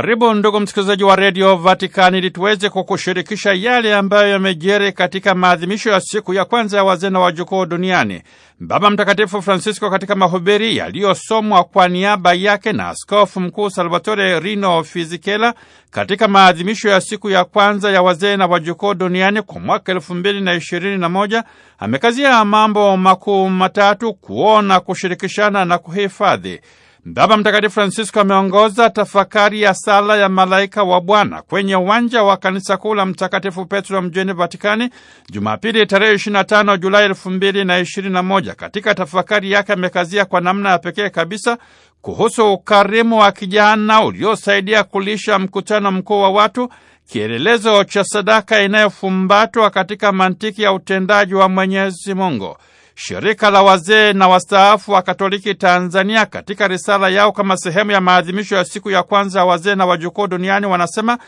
Karibu ndugu msikilizaji wa redio Vatikani ili tuweze kukushirikisha yale ambayo yamejiri katika maadhimisho ya siku ya kwanza ya wazee na wajukuu duniani. Baba Mtakatifu Francisco katika mahubiri yaliyosomwa kwa niaba yake na Askofu Mkuu Salvatore Rino Fizikela katika maadhimisho ya siku ya kwanza ya wazee na wajukuu duniani kwa mwaka elfu mbili na ishirini na moja amekazia mambo makuu matatu: kuona, kushirikishana na kuhifadhi. Baba Mtakatifu Francisco ameongoza tafakari ya sala ya malaika wa Bwana kwenye uwanja wa kanisa kuu la Mtakatifu Petro mjini Vatikani, Jumapili tarehe 25 Julai 2021. Katika tafakari yake amekazia kwa namna ya pekee kabisa kuhusu ukarimu wa kijana uliosaidia kulisha mkutano mkuu wa watu, kielelezo cha sadaka inayofumbatwa katika mantiki ya utendaji wa Mwenyezi Mungu. Shirika la wazee na wastaafu wa Katoliki Tanzania katika risala yao kama sehemu ya maadhimisho ya siku ya kwanza ya wazee na wajukuu duniani wanasema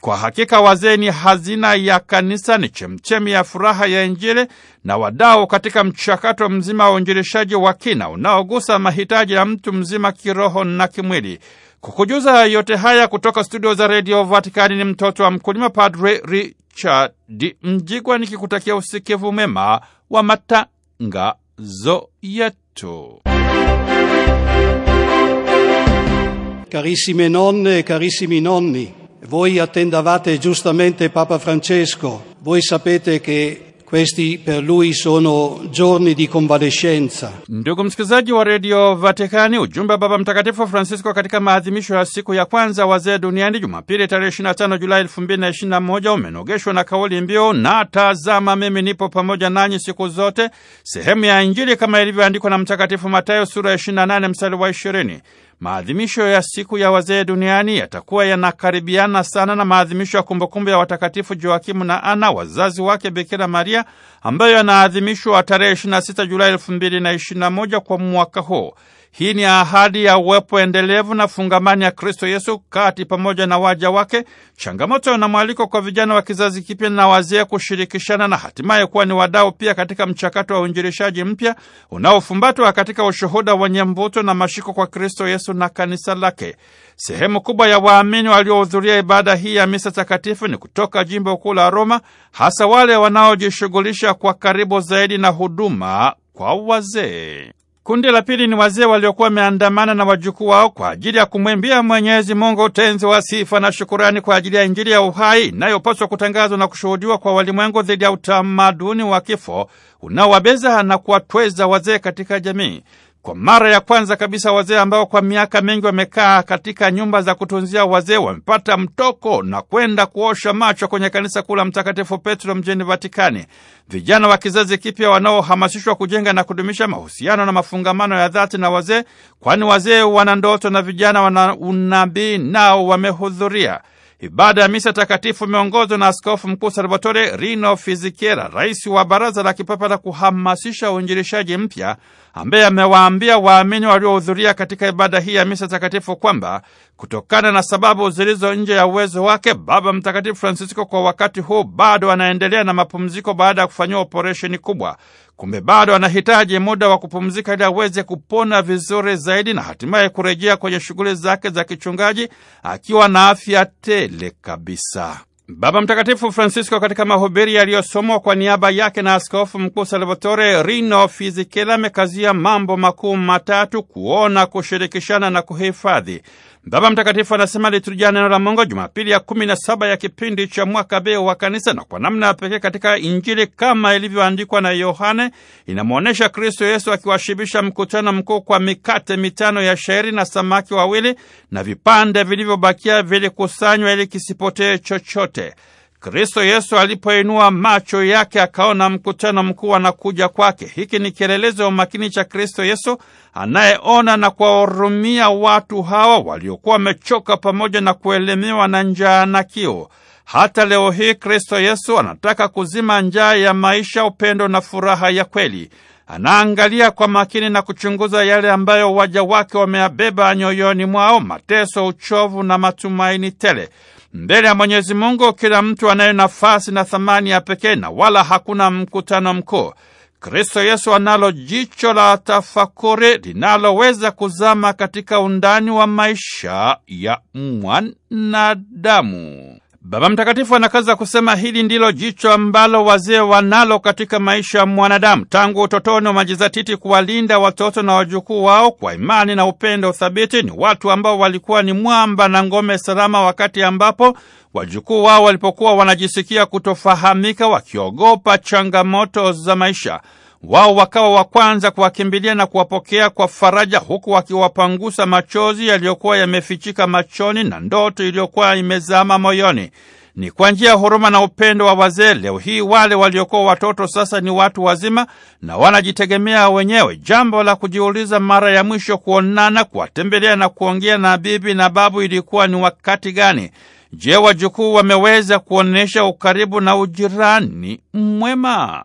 kwa hakika wazee ni hazina ya kanisa, ni chemchemi ya furaha ya Injili na wadau katika mchakato mzima wa uinjilishaji wa kina unaogusa mahitaji ya mtu mzima kiroho na kimwili. Kukujuza yote haya kutoka studio za redio Vatikani ni mtoto wa mkulima, Padre Richard Mjigwa, nikikutakia usikivu mema wa mata nga zo yetto. Carissime nonne e carissimi nonni, voi attendavate giustamente Papa Francesco, voi sapete che Questi per lui sono giorni di convalescenza. Ndugu msikilizaji wa redio Vatikani, ujumbe wa Baba Mtakatifu Francisco katika maadhimisho ya siku ya kwanza wazee duniani Jumapili tarehe 25 Julai 2021 umenogeshwa na kauli mbiu na tazama mimi nipo pamoja nanyi siku zote, sehemu ya Injili kama ilivyoandikwa na Mtakatifu Mathayo sura ya 28 mstari wa 20. Maadhimisho ya siku ya wazee duniani yatakuwa yanakaribiana sana na maadhimisho ya kumbukumbu ya watakatifu Joakimu na Ana, wazazi wake Bikira Maria, ambayo yanaadhimishwa tarehe 26 Julai 2021 kwa mwaka huu. Hii ni ahadi ya uwepo endelevu na fungamani ya Kristo Yesu kati pamoja na waja wake, changamoto na mwaliko kwa vijana wa kizazi kipya na wazee kushirikishana na hatimaye kuwa ni wadau pia katika mchakato wa uinjilishaji mpya unaofumbatwa katika ushuhuda wenye mvuto na mashiko kwa Kristo Yesu na kanisa lake. Sehemu kubwa ya waamini waliohudhuria ibada hii ya misa takatifu ni kutoka jimbo kuu la Roma, hasa wale wanaojishughulisha kwa karibu zaidi na huduma kwa wazee. Kundi la pili ni wazee waliokuwa wameandamana na wajukuu wao kwa ajili ya kumwimbia Mwenyezi Mungu utenzi wa sifa na shukurani kwa ajili ya Injili ya uhai inayopaswa kutangazwa na kushuhudiwa kwa walimwengu dhidi ya utamaduni wa kifo unaowabeza na kuwatweza wazee katika jamii. Kwa mara ya kwanza kabisa wazee ambao kwa miaka mingi wamekaa katika nyumba za kutunzia wazee wamepata mtoko na kwenda kuosha macho kwenye kanisa kuu la Mtakatifu Petro mjini Vatikani. Vijana wa kizazi kipya wanaohamasishwa kujenga na kudumisha mahusiano na mafungamano ya dhati na wazee, kwani wazee wana ndoto na vijana wana unabii, nao wamehudhuria Ibada ya misa takatifu imeongozwa na Askofu Mkuu Salvatore Rino fizikiera rais wa Baraza la Kipapa la kuhamasisha uinjilishaji mpya, ambaye amewaambia waamini waliohudhuria katika ibada hii ya misa takatifu kwamba kutokana na sababu zilizo nje ya uwezo wake, Baba Mtakatifu Francisco kwa wakati huu bado anaendelea na mapumziko baada ya kufanyiwa operesheni kubwa. Kumbe bado anahitaji muda wa kupumzika ili aweze kupona vizuri zaidi na hatimaye kurejea kwenye shughuli zake za kichungaji akiwa na afya tele kabisa. Baba Mtakatifu Francisco katika mahubiri yaliyosomwa kwa niaba yake na Askofu Mkuu Salvatore Rino fizikela amekazia mambo makuu matatu: kuona, kushirikishana na kuhifadhi. Baba Mtakatifu anasema liturujia neno la Mungu Jumapili ya kumi na saba ya kipindi cha mwaka bei wa Kanisa, na kwa namna ya pekee katika Injili kama ilivyoandikwa na Yohane inamwonyesha Kristo Yesu akiwashibisha mkutano mkuu kwa mikate mitano ya shayiri na samaki wawili, na vipande vilivyobakia vilikusanywa ili kisipotee chochote. Kristo Yesu alipoinua macho yake akaona mkutano mkuu anakuja kwake. Hiki ni kielelezo umakini cha Kristo Yesu anayeona na kuwahurumia watu hawa waliokuwa wamechoka pamoja na kuelemewa na njaa na kiu. Hata leo hii Kristo Yesu anataka kuzima njaa ya maisha, upendo na furaha ya kweli. Anaangalia kwa makini na kuchunguza yale ambayo waja wake wameyabeba nyoyoni mwao: mateso, uchovu na matumaini tele. Mbele ya Mwenyezi Mungu kila mtu anayo nafasi na thamani ya pekee na wala hakuna mkutano mkuu. Kristo Yesu analo jicho la tafakuri linaloweza kuzama katika undani wa maisha ya mwanadamu. Baba Mtakatifu anakaza kusema hili ndilo jicho ambalo wazee wanalo katika maisha ya mwanadamu. Tangu utotoni wamejizatiti kuwalinda watoto na wajukuu wao kwa imani na upendo thabiti. Ni watu ambao walikuwa ni mwamba na ngome salama wakati ambapo wajukuu wao walipokuwa wanajisikia kutofahamika, wakiogopa changamoto za maisha wao wakawa wa kwanza kuwakimbilia na kuwapokea kwa faraja, huku wakiwapangusa machozi yaliyokuwa yamefichika machoni na ndoto iliyokuwa imezama moyoni. Ni kwa njia ya huruma na upendo wa wazee, leo hii wale waliokuwa watoto sasa ni watu wazima na wanajitegemea wenyewe. Jambo la kujiuliza, mara ya mwisho kuonana, kuwatembelea na kuongea na bibi na babu ilikuwa ni wakati gani? Je, wajukuu wameweza kuonyesha ukaribu na ujirani mwema?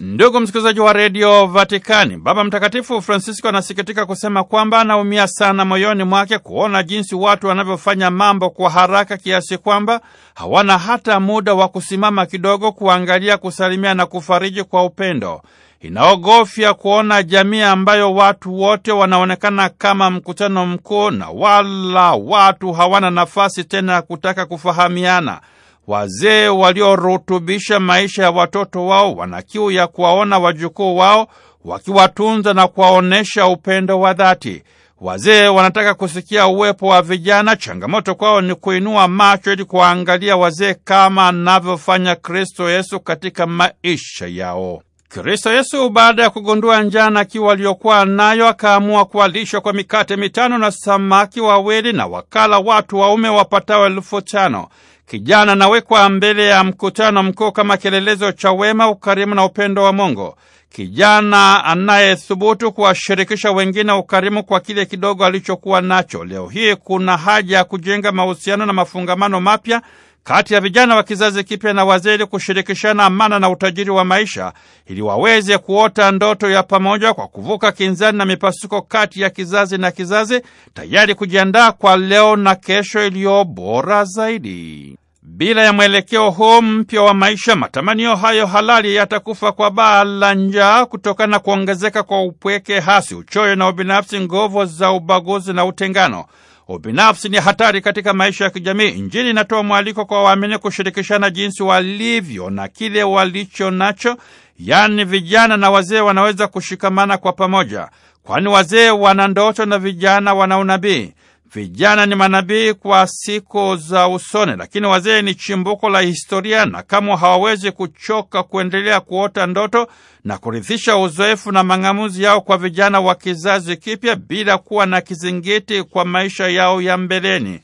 Ndugu msikilizaji wa redio Vatikani, Baba Mtakatifu Francisco anasikitika kusema kwamba anaumia sana moyoni mwake kuona jinsi watu wanavyofanya mambo kwa haraka kiasi kwamba hawana hata muda wa kusimama kidogo, kuangalia, kusalimia na kufariji kwa upendo. Inaogofya kuona jamii ambayo watu wote wanaonekana kama mkutano mkuu na wala watu hawana nafasi tena ya kutaka kufahamiana. Wazee waliorutubisha maisha ya watoto wao wana kiu ya kuwaona wajukuu wao wakiwatunza na kuwaonyesha upendo wa dhati. Wazee wanataka kusikia uwepo wa vijana. Changamoto kwao ni kuinua macho ili kuwaangalia wazee kama anavyofanya Kristo Yesu katika maisha yao. Kristo Yesu baada ya kugundua njaa na kiu aliyokuwa nayo, akaamua kuwalisha kwa mikate mitano na samaki wawili, na wakala watu waume wapatao elfu tano. Kijana anawekwa mbele ya mkutano mkuu kama kielelezo cha wema, ukarimu na upendo wa Mungu. Kijana anayethubutu kuwashirikisha wengine ukarimu kwa kile kidogo alichokuwa nacho. Leo hii kuna haja ya kujenga mahusiano na mafungamano mapya kati ya vijana wa kizazi kipya na wazee ili kushirikishana amana na utajiri wa maisha ili waweze kuota ndoto ya pamoja kwa kuvuka kinzani na mipasuko kati ya kizazi na kizazi, tayari kujiandaa kwa leo na kesho iliyo bora zaidi. Bila ya mwelekeo huu mpya wa maisha, matamanio hayo halali yatakufa kwa baa la njaa kutokana na kuongezeka kwa upweke hasi, uchoyo na ubinafsi, nguvu za ubaguzi na utengano. Ubinafsi ni hatari katika maisha ya kijamii. Injili inatoa mwaliko kwa waamini kushirikishana jinsi walivyo na kile walicho nacho, yaani vijana na wazee wanaweza kushikamana kwa pamoja, kwani wazee wana ndoto na vijana wana unabii. Vijana ni manabii kwa siku za usoni, lakini wazee ni chimbuko la historia na kamwe hawawezi kuchoka kuendelea kuota ndoto na kurithisha uzoefu na mang'amuzi yao kwa vijana wa kizazi kipya bila kuwa na kizingiti kwa maisha yao ya mbeleni.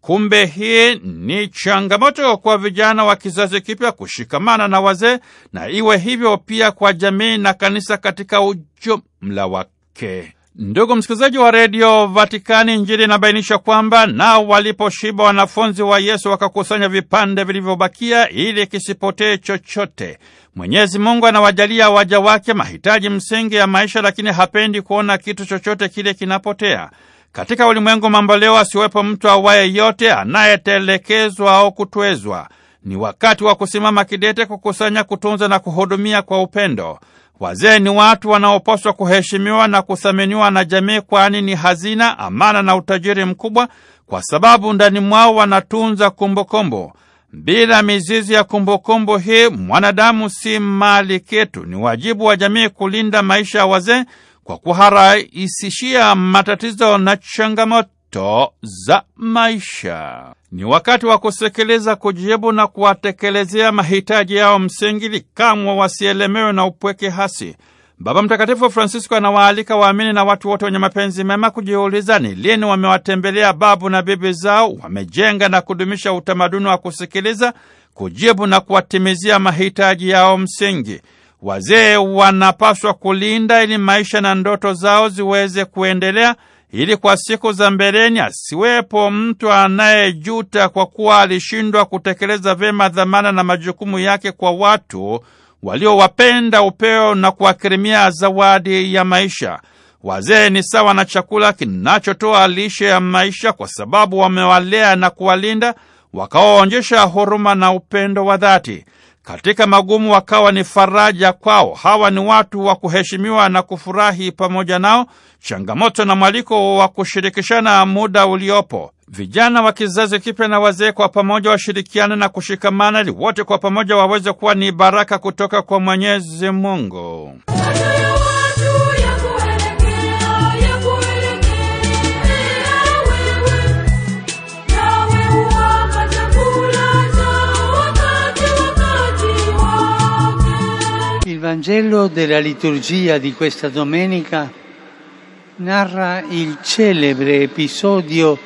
Kumbe hii ni changamoto kwa vijana wa kizazi kipya kushikamana na wazee na iwe hivyo pia kwa jamii na kanisa katika ujumla wake. Ndugu msikilizaji wa redio Vatikani, Injili inabainisha kwamba nao waliposhiba wanafunzi wa Yesu wakakusanya vipande vilivyobakia ili kisipotee chochote. Mwenyezi Mungu anawajalia waja wake mahitaji msingi ya maisha, lakini hapendi kuona kitu chochote kile kinapotea. Katika ulimwengu mamboleo, asiwepo mtu awaye yote anayetelekezwa au kutwezwa. Ni wakati wa kusimama kidete, kukusanya, kutunza na kuhudumia kwa upendo. Wazee ni watu wanaopaswa kuheshimiwa na kuthaminiwa na jamii, kwani ni hazina, amana na utajiri mkubwa, kwa sababu ndani mwao wanatunza kumbukumbu. Bila mizizi ya kumbukumbu hii, mwanadamu si mali kitu. Ni wajibu wa jamii kulinda maisha ya wazee kwa kuharahisishia matatizo na changamoto changamoto za maisha. Ni wakati wa kusekeleza, kujibu na kuwatekelezea mahitaji yao msingi, likamwa wasielemewe na upweke hasi. Baba Mtakatifu Francisco anawaalika waamini na watu wote wenye mapenzi mema kujiuliza ni lini wamewatembelea babu na bibi zao, wamejenga na kudumisha utamaduni wa kusikiliza, kujibu na kuwatimizia mahitaji yao msingi. Wazee wanapaswa kulinda ili maisha na ndoto zao ziweze kuendelea ili kwa siku za mbeleni asiwepo mtu anayejuta kwa kuwa alishindwa kutekeleza vyema dhamana na majukumu yake kwa watu waliowapenda upeo na kuwakirimia zawadi ya maisha. Wazee ni sawa na chakula kinachotoa lishe ya maisha, kwa sababu wamewalea na kuwalinda, wakawaonyesha huruma na upendo wa dhati katika magumu wakawa ni faraja kwao. Hawa ni watu wa kuheshimiwa na kufurahi pamoja nao, changamoto na mwaliko wa kushirikishana muda uliopo. Vijana wa kizazi kipya na wazee kwa pamoja washirikiane na kushikamana, ili wote kwa pamoja waweze kuwa ni baraka kutoka kwa Mwenyezi Mungu. Vangelo della liturgia di questa domenica narra il celebre episodio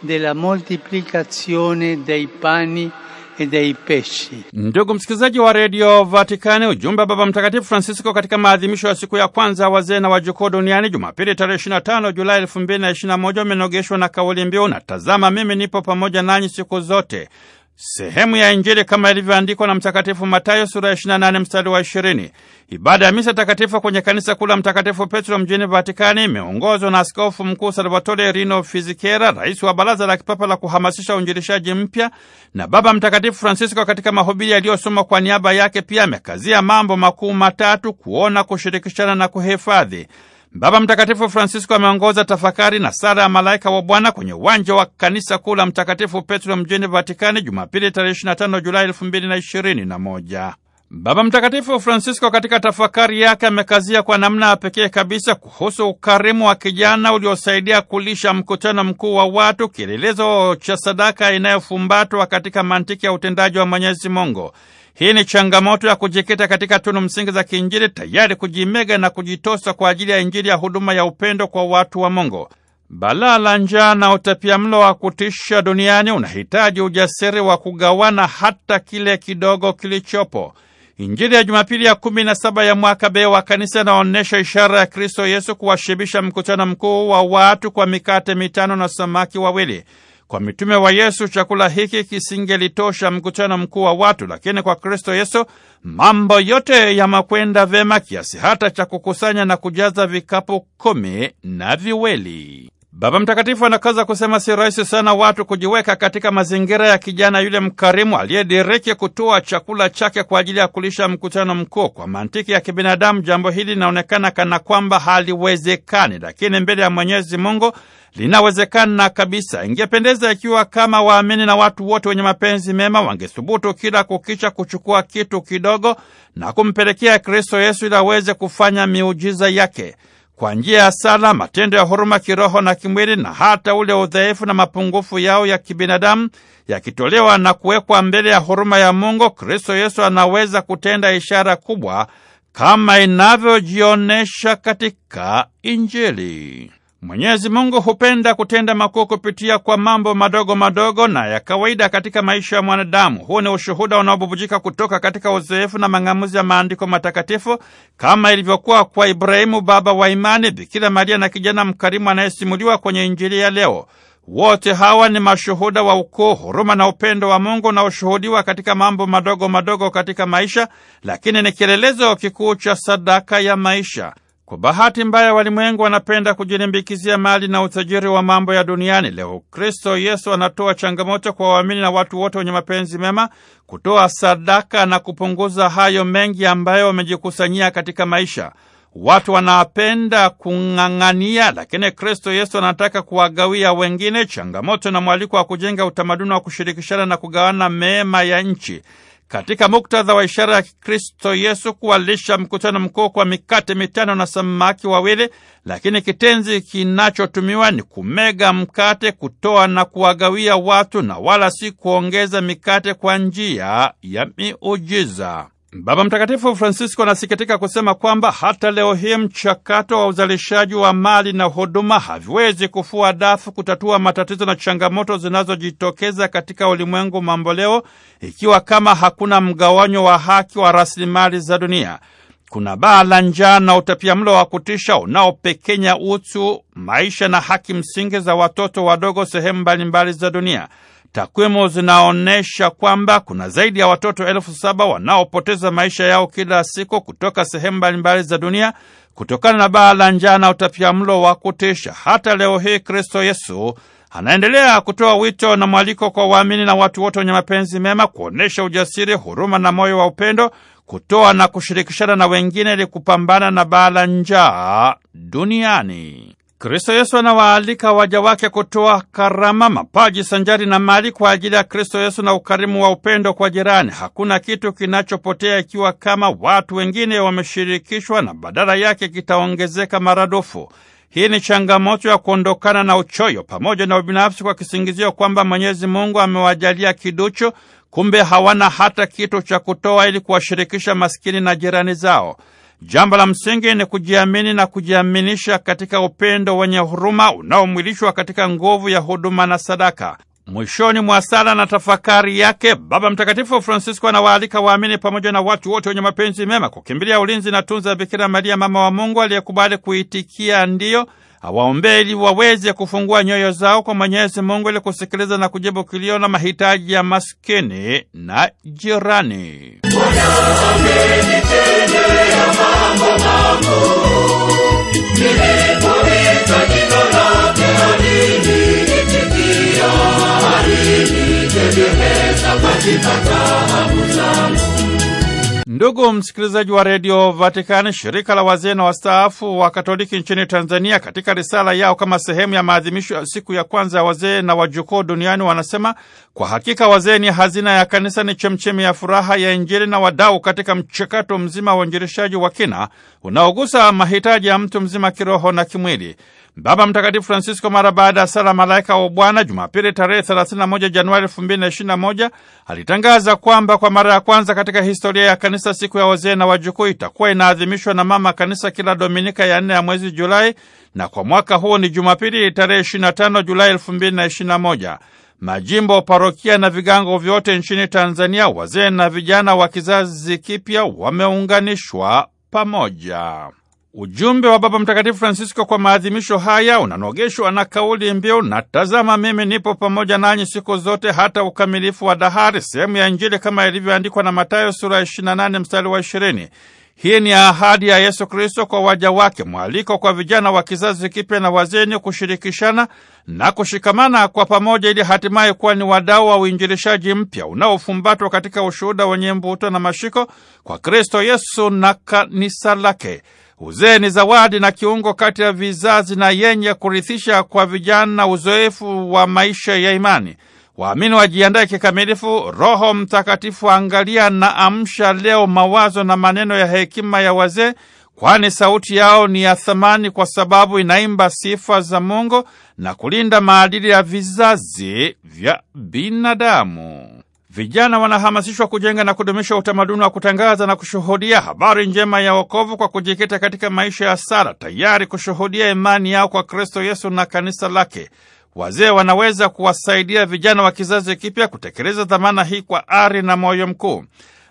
della moltiplicazione dei pani e dei pesci. Ndugu msikilizaji wa redio Vatikani, ujumbe wa Baba Mtakatifu Francisco katika maadhimisho ya siku ya kwanza wazee na wajukuu duniani Jumapili tarehe 25 Julai 2021 umenogeshwa na kauli mbiu, natazama mimi nipo pamoja nanyi siku zote Sehemu ya Injili kama ilivyoandikwa na Mtakatifu matayo sura ya 28 mstari wa 20. Ibada ya misa takatifu kwenye kanisa kuu la Mtakatifu Petro mjini Vatikani imeongozwa na Askofu Mkuu Salvatore Rino Fizikera, rais wa Baraza la Kipapa la Kuhamasisha Uinjilishaji Mpya, na Baba Mtakatifu Francisco katika mahubiri yaliyosomwa kwa niaba yake pia amekazia mambo makuu matatu: kuona, kushirikishana na kuhifadhi. Baba Mtakatifu Francisco ameongoza tafakari na sala ya malaika wa Bwana kwenye uwanja wa kanisa kuu la Mtakatifu Petro mjini Vatikani, Jumapili tarehe 25 Julai 2021. Baba Mtakatifu Francisco katika tafakari yake amekazia kwa namna ya pekee kabisa kuhusu ukarimu wa kijana uliosaidia kulisha mkutano mkuu wa watu, kielelezo cha sadaka inayofumbatwa katika mantiki ya utendaji wa Mwenyezi Mungu. Hii ni changamoto ya kujikita katika tunu msingi za kiinjili, tayari kujimega na kujitosa kwa ajili ya injili ya huduma ya upendo kwa watu wa Mungu. Balaa la njaa na utapiamlo wa kutisha duniani unahitaji ujasiri wa kugawana hata kile kidogo kilichopo. Injili ya Jumapili ya kumi na saba ya mwaka bei wa kanisa inaonyesha ishara ya Kristo Yesu kuwashibisha mkutano mkuu wa watu kwa mikate mitano na samaki wawili. Kwa mitume wa Yesu chakula hiki kisingelitosha mkutano mkuu wa watu, lakini kwa Kristo Yesu mambo yote yamakwenda vema kiasi hata cha kukusanya na kujaza vikapu kumi na viwili. Baba Mtakatifu anakaza kusema si rahisi sana watu kujiweka katika mazingira ya kijana yule mkarimu aliyediriki kutoa chakula chake kwa ajili ya kulisha mkutano mkuu. Kwa mantiki ya kibinadamu, jambo hili linaonekana kana kwamba haliwezekani, lakini mbele ya Mwenyezi Mungu linawezekana kabisa. Ingependeza ikiwa kama waamini na watu wote wenye mapenzi mema wangethubutu kila kukicha kuchukua kitu kidogo na kumpelekea Kristo Yesu ili aweze kufanya miujiza yake kwa njia ya sala, matendo ya huruma kiroho na kimwili, na hata ule udhaifu na mapungufu yao ya kibinadamu yakitolewa na kuwekwa mbele ya huruma ya Mungu, Kristo Yesu anaweza kutenda ishara kubwa kama inavyojionyesha katika Injili. Mwenyezi Mungu hupenda kutenda makuu kupitia kwa mambo madogo madogo na ya kawaida katika maisha ya mwanadamu. Huu ni ushuhuda unaobubujika kutoka katika uzoefu na mang'amuzi ya maandiko matakatifu, kama ilivyokuwa kwa Ibrahimu baba wa imani, Bikira Maria na kijana mkarimu anayesimuliwa kwenye Injili ya leo. Wote hawa ni mashuhuda wa ukuu, huruma na upendo wa Mungu unaoshuhudiwa katika mambo madogo madogo katika maisha, lakini ni kielelezo kikuu cha sadaka ya maisha. Kwa bahati mbaya, walimwengu wanapenda kujilimbikizia mali na utajiri wa mambo ya duniani. Leo Kristo Yesu anatoa changamoto kwa waamini na watu wote wenye mapenzi mema kutoa sadaka na kupunguza hayo mengi ambayo wamejikusanyia katika maisha. Watu wanapenda kung'ang'ania, lakini Kristo Yesu anataka kuwagawia wengine, changamoto na mwaliko wa kujenga utamaduni wa kushirikishana na kugawana mema ya nchi katika muktadha wa ishara ya Kristo Yesu kuwalisha mkutano mkuu kwa mikate mitano na samaki wawili, lakini kitenzi kinachotumiwa ni kumega mkate, kutoa na kuwagawia watu, na wala si kuongeza mikate kwa njia ya miujiza. Baba Mtakatifu Francisco anasikitika kusema kwamba hata leo hii mchakato wa uzalishaji wa mali na huduma haviwezi kufua dafu kutatua matatizo na changamoto zinazojitokeza katika ulimwengu mamboleo, ikiwa kama hakuna mgawanyo wa haki wa rasilimali za dunia. Kuna baa la njaa na utapiamlo wa kutisha unaopekenya utu, maisha na haki msingi za watoto wadogo sehemu mbalimbali za dunia. Takwimu zinaonyesha kwamba kuna zaidi ya watoto elfu saba wanaopoteza maisha yao kila siku kutoka sehemu mbalimbali za dunia kutokana na baa la njaa na utapiamlo wa kutisha. Hata leo hii Kristo Yesu anaendelea kutoa wito na mwaliko kwa waamini na watu wote wenye mapenzi mema kuonyesha ujasiri, huruma na moyo wa upendo, kutoa na kushirikishana na wengine ili kupambana na baa la njaa duniani. Kristo Yesu anawaalika waja wake kutoa karama, mapaji sanjari na mali kwa ajili ya Kristo Yesu na ukarimu wa upendo kwa jirani. Hakuna kitu kinachopotea ikiwa kama watu wengine wameshirikishwa, na badala yake kitaongezeka maradufu. Hii ni changamoto ya kuondokana na uchoyo pamoja na ubinafsi kwa kisingizio kwamba Mwenyezi Mungu amewajalia kiduchu, kumbe hawana hata kitu cha kutoa ili kuwashirikisha maskini na jirani zao. Jambo la msingi ni kujiamini na kujiaminisha katika upendo wenye huruma unaomwilishwa katika nguvu ya huduma na sadaka. Mwishoni mwa sala na tafakari yake, Baba Mtakatifu Francisco anawaalika waamini pamoja na watu wote wenye mapenzi mema kukimbilia ulinzi na tunza ya Bikira Maria, mama wa Mungu aliyekubali kuitikia ndiyo, awaombee ili waweze kufungua nyoyo zao kwa Mwenyezi Mungu ili kusikiliza na kujibu kilio na mahitaji ya maskini na jirani nitegemeza kwa jina tabu zangu Ndugu msikilizaji wa redio Vatikani, shirika la wazee na wastaafu wa Katoliki nchini Tanzania, katika risala yao kama sehemu ya maadhimisho ya siku ya kwanza ya wazee na wajukuu duniani, wanasema kwa hakika wazee ni hazina ya kanisa, ni chemchemi ya furaha ya Injili na wadau katika mchakato mzima wa uinjilishaji wa kina unaogusa mahitaji ya mtu mzima kiroho na kimwili. Baba Mtakatifu Francisco mara baada ya sala malaika wa Bwana Jumapili tarehe 31 Januari 2021 alitangaza kwamba kwa mara ya kwanza katika historia ya kanisa siku ya wazee na wajukuu itakuwa inaadhimishwa na mama kanisa kila Dominika ya nne ya mwezi Julai, na kwa mwaka huu ni Jumapili tarehe 25 Julai 2021. Majimbo, parokia na vigango vyote nchini Tanzania, wazee na vijana wa kizazi kipya wameunganishwa pamoja. Ujumbe wa Baba Mtakatifu Francisco kwa maadhimisho haya unanogeshwa na kauli mbiu na tazama mimi nipo pamoja nanyi siku zote hata ukamilifu wa dahari, sehemu ya Injili kama ilivyoandikwa na Mathayo sura ya 28 mstari wa 20. Hii ni ahadi ya Yesu Kristo kwa waja wake, mwaliko kwa vijana wa kizazi kipya na wazeni kushirikishana na kushikamana kwa pamoja ili hatimaye kuwa ni wadau wa uinjilishaji mpya unaofumbatwa katika ushuhuda wenye mvuto na mashiko kwa Kristo Yesu na kanisa lake. Uzee ni zawadi na kiungo kati ya vizazi na yenye kurithisha kwa vijana uzoefu wa maisha ya imani. Waamini wajiandae kikamilifu. Roho Mtakatifu angalia na amsha leo mawazo na maneno ya hekima ya wazee, kwani sauti yao ni ya thamani, kwa sababu inaimba sifa za Mungu na kulinda maadili ya vizazi vya binadamu. Vijana wanahamasishwa kujenga na kudumisha utamaduni wa kutangaza na kushuhudia habari njema ya wokovu kwa kujikita katika maisha ya sala, tayari kushuhudia imani yao kwa Kristo Yesu na kanisa lake. Wazee wanaweza kuwasaidia vijana wa kizazi kipya kutekeleza dhamana hii kwa ari na moyo mkuu.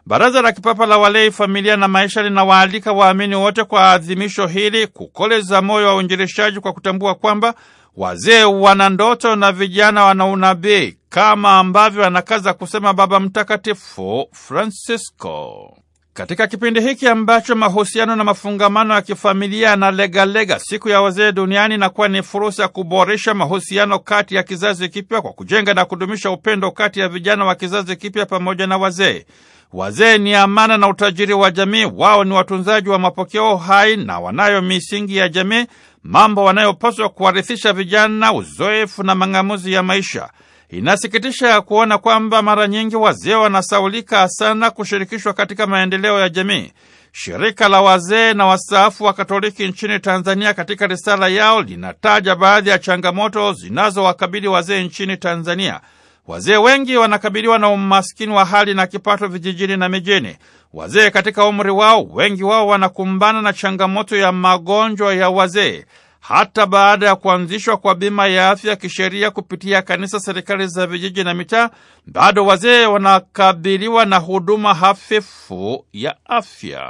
Baraza la Kipapa la Walei, Familia na Maisha linawaalika waamini wote kwa adhimisho hili kukoleza moyo wa uinjilishaji kwa kutambua kwamba Wazee wana ndoto na vijana wana unabii, kama ambavyo anakaza kusema Baba Mtakatifu Francisco. Katika kipindi hiki ambacho mahusiano na mafungamano ya kifamilia yanalegalega, siku ya wazee duniani inakuwa ni fursa ya kuboresha mahusiano kati ya kizazi kipya kwa kujenga na kudumisha upendo kati ya vijana wa kizazi kipya pamoja na wazee. Wazee ni amana na utajiri wa jamii. Wao ni watunzaji wa mapokeo hai na wanayo misingi ya jamii, mambo wanayopaswa kuwarithisha vijana, uzoefu na mang'amuzi ya maisha. Inasikitisha ya kuona kwamba mara nyingi wazee wanasaulika sana kushirikishwa katika maendeleo ya jamii. Shirika la wazee na wastaafu wa Katoliki nchini Tanzania katika risala yao linataja baadhi ya changamoto zinazowakabili wazee nchini Tanzania. Wazee wengi wanakabiliwa na umaskini wa hali na kipato vijijini na mijini. Wazee katika umri wao, wengi wao wanakumbana na changamoto ya magonjwa ya wazee hata baada ya kuanzishwa kwa bima ya afya kisheria kupitia kanisa, serikali za vijiji na mitaa, bado wazee wanakabiliwa na huduma hafifu ya afya.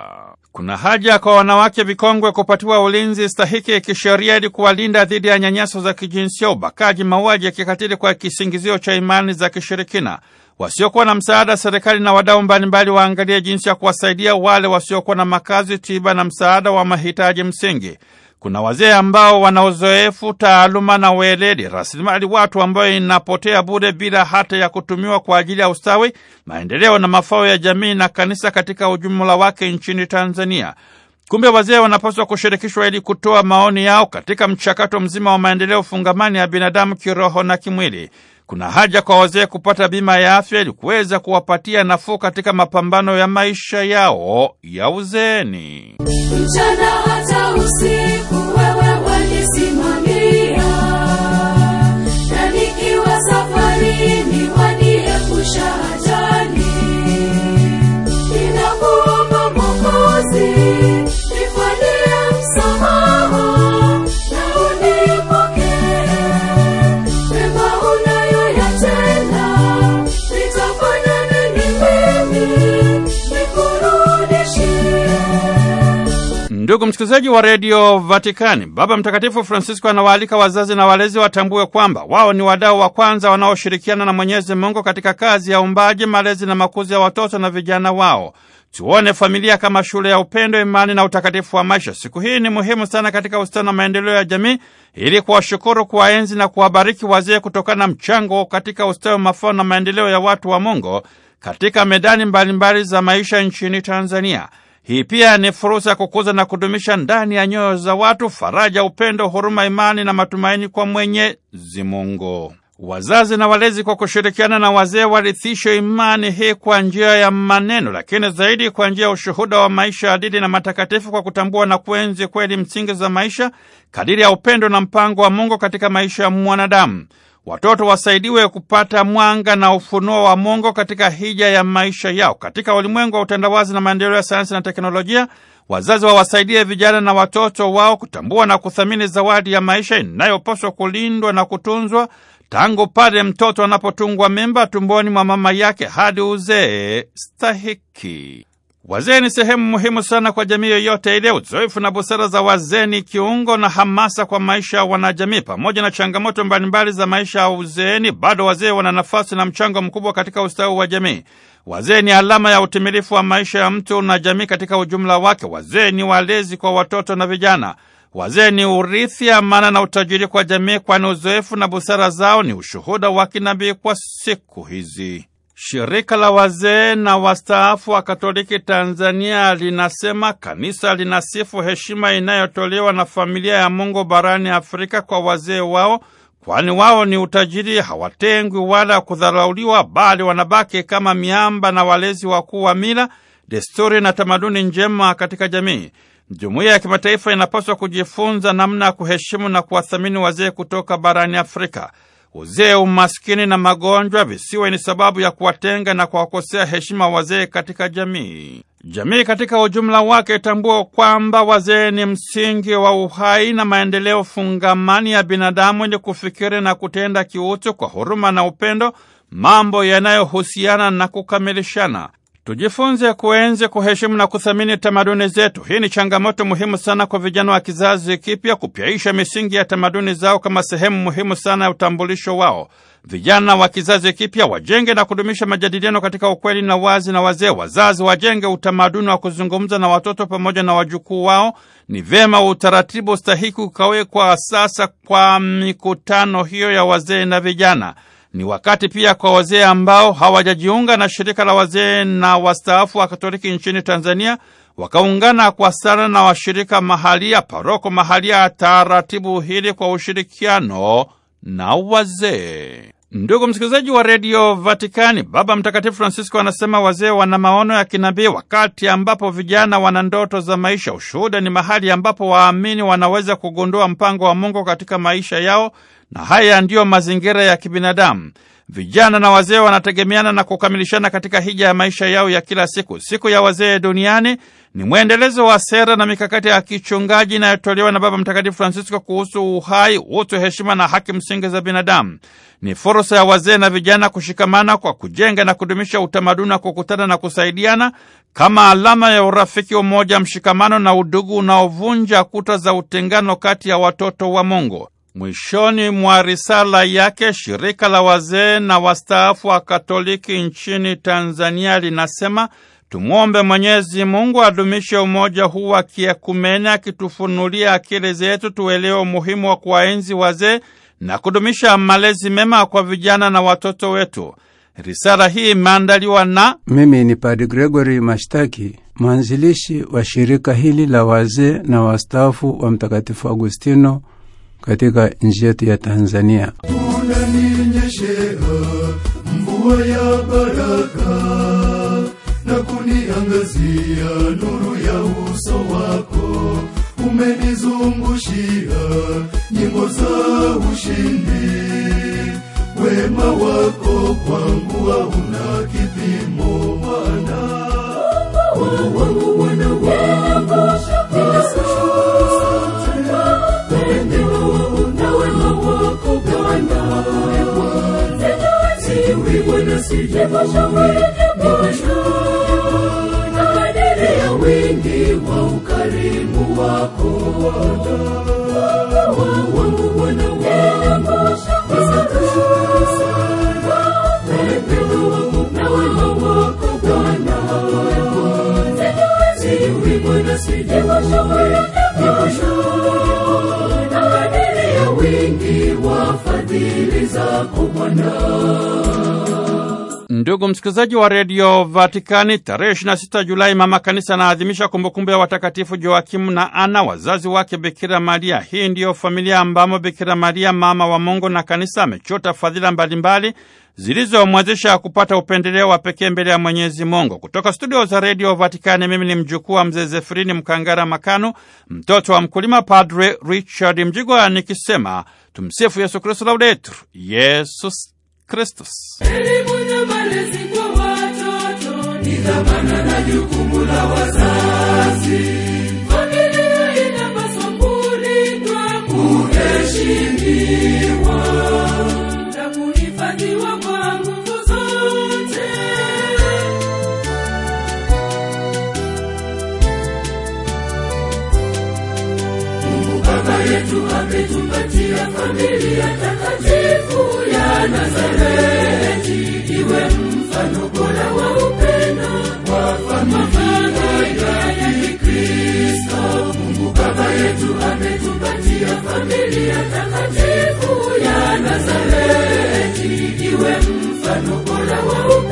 Kuna haja kwa wanawake vikongwe kupatiwa ulinzi stahiki kisheria ili kuwalinda dhidi ya nyanyaso za kijinsia, ubakaji, mauaji ya kikatili kwa kisingizio cha imani za kishirikina. Wasiokuwa na msaada, serikali na wadau mbalimbali waangalie jinsi ya kuwasaidia wale wasiokuwa na makazi, tiba na msaada wa mahitaji msingi. Kuna wazee ambao wana uzoefu, taaluma na weledi, rasilimali watu ambayo inapotea bure bila hata ya kutumiwa kwa ajili ya ustawi, maendeleo na mafao ya jamii na kanisa katika ujumla wake nchini Tanzania. Kumbe wazee wanapaswa kushirikishwa ili kutoa maoni yao katika mchakato mzima wa maendeleo fungamani ya binadamu kiroho na kimwili. Kuna haja kwa wazee kupata bima ya afya ili kuweza kuwapatia nafuu katika mapambano ya maisha yao ya uzeeni. Ndugu msikilizaji wa redio Vatikani, Baba Mtakatifu Francisco anawaalika wazazi na walezi watambue kwamba wao ni wadau wa kwanza wanaoshirikiana na Mwenyezi Mungu katika kazi ya umbaji, malezi na makuzi ya watoto na vijana wao. Tuone familia kama shule ya upendo, imani na utakatifu wa maisha. Siku hii ni muhimu sana katika ustawi na maendeleo ya jamii, ili kuwashukuru, kuwaenzi na kuwabariki wazee kutokana na mchango katika ustawi, mafao na maendeleo ya watu wa Mungu katika medani mbalimbali mbali za maisha nchini Tanzania. Hii pia ni fursa ya kukuza na kudumisha ndani ya nyoyo za watu faraja, upendo, huruma, imani na matumaini kwa Mwenyezi Mungu. Wazazi na walezi kwa kushirikiana na wazee warithishe imani hii kwa njia ya maneno, lakini zaidi kwa njia ya ushuhuda wa maisha adili na matakatifu, kwa kutambua na kuenzi kweli msingi za maisha kadiri ya upendo na mpango wa Mungu katika maisha ya mwanadamu watoto wasaidiwe kupata mwanga na ufunuo wa Mungu katika hija ya maisha yao. Katika ulimwengu wa utandawazi na maendeleo ya sayansi na teknolojia, wazazi wawasaidie vijana na watoto wao kutambua na kuthamini zawadi ya maisha inayopaswa kulindwa na kutunzwa tangu pale mtoto anapotungwa mimba tumboni mwa mama yake hadi uzee stahiki. Wazee ni sehemu muhimu sana kwa jamii yoyote ile. Uzoefu na busara za wazee ni kiungo na hamasa kwa maisha ya wanajamii. Pamoja na changamoto mbalimbali za maisha ya uzeeni, bado wazee wana nafasi na mchango mkubwa katika ustawi wa jamii. Wazee ni alama ya utimilifu wa maisha ya mtu na jamii katika ujumla wake. Wazee ni walezi kwa watoto na vijana. Wazee ni urithi, amana na utajiri kwa jamii, kwani uzoefu na busara zao ni ushuhuda wa kinabii kwa siku hizi. Shirika la wazee na wastaafu wa Katoliki Tanzania linasema kanisa linasifu heshima inayotolewa na familia ya Mungu barani Afrika kwa wazee wao, kwani wao ni utajiri, hawatengwi wala kudharauliwa, bali wanabaki kama miamba na walezi wakuu wa mila, desturi na tamaduni njema katika jamii. Jumuiya ya kimataifa inapaswa kujifunza namna ya kuheshimu na kuwathamini wazee kutoka barani Afrika uzee, umaskini na magonjwa visiwe ni sababu ya kuwatenga na kuwakosea heshima wazee katika jamii. Jamii katika ujumla wake itambue kwamba wazee ni msingi wa uhai na maendeleo fungamani ya binadamu, ili kufikiri na kutenda kiutu kwa huruma na upendo mambo yanayohusiana na kukamilishana. Tujifunze kuenzi, kuheshimu na kuthamini tamaduni zetu. Hii ni changamoto muhimu sana kwa vijana wa kizazi kipya kupyaisha misingi ya tamaduni zao kama sehemu muhimu sana ya utambulisho wao. Vijana wa kizazi kipya wajenge na kudumisha majadiliano katika ukweli na wazi na wazee. Wazazi wajenge utamaduni wa kuzungumza na watoto pamoja na wajukuu wao. Ni vema utaratibu stahiki ukawekwa sasa kwa mikutano hiyo ya wazee na vijana. Ni wakati pia kwa wazee ambao hawajajiunga na shirika la wazee na wastaafu wa Katoliki nchini Tanzania wakaungana kwa sala na washirika mahalia, paroko mahalia, taratibu hili kwa ushirikiano na wazee. Ndugu msikilizaji wa redio Vatikani, Baba Mtakatifu Francisco anasema wazee wana maono ya kinabii, wakati ambapo vijana wana ndoto za maisha. Ushuhuda ni mahali ambapo waamini wanaweza kugundua mpango wa Mungu katika maisha yao, na haya ndiyo mazingira ya kibinadamu. Vijana na wazee wanategemeana na kukamilishana katika hija ya maisha yao ya kila siku. Siku ya wazee duniani ni mwendelezo wa sera na mikakati ya kichungaji inayotolewa na Baba Mtakatifu Francisco kuhusu uhai, utu, heshima na haki msingi za binadamu. Ni fursa ya wazee na vijana kushikamana kwa kujenga na kudumisha utamaduni wa kukutana na kusaidiana kama alama ya urafiki, umoja, mshikamano na udugu unaovunja kuta za utengano kati ya watoto wa Mungu. Mwishoni mwa risala yake, shirika la wazee na wastaafu wa Katoliki nchini Tanzania linasema Tumwombe Mwenyezi Mungu adumishe umoja huu wa kiekumene, akitufunulia akili zetu tuelewe umuhimu wa kuwaenzi wazee na kudumisha malezi mema kwa vijana na watoto wetu. Risala hii imeandaliwa na mimi ni Padre Gregory Mashtaki, mwanzilishi wa shirika hili la wazee na wastaafu wa Mtakatifu Agustino katika nchi yetu ya Tanzania. Unaninyeshea mvua ya baraka na kuniangazia nuru ya uso wako umenizungushia nyimbo za ushindi wema wako kwangu hauna kipimo bwana wangu wangu wana wako ninakushukuru sana upendewa wao wakuona Ndugu msikilizaji wa redio Vatikani, tarehe 26 Julai mama kanisa anaadhimisha kumbukumbu ya watakatifu Joakimu na Ana, wazazi wake Bikira Maria. Hii ndiyo familia ambamo Bikira Maria mama wa Mungu na kanisa amechota fadhila mbalimbali zilizomwezesha kupata upendeleo wa pekee mbele ya Mwenyezi Mungu. Kutoka studio za redio Vatikani, mimi ni mjukuu wa mzee Zefrini Mkangara Makanu, mtoto wa mkulima Padre Richard Mjigwa, nikisema tumsifu Yesu Kristu, laudetur Yesus Kristus. Elimu na malezi kwa watoto ni dhamana na jukumu la wazazi. Familia inapaswa kulindwa, kuheshimiwa na kuhifadhiwa kwa nguvu zote. Mungu Baba yetu ametupatia familia takatifu wa Nazareti, iwe mfano bora wa upendo wa familia ya Kristo. Mungu Baba yetu ametupatia familia takatifu ya Nazareti, iwe mfano bora wa upendo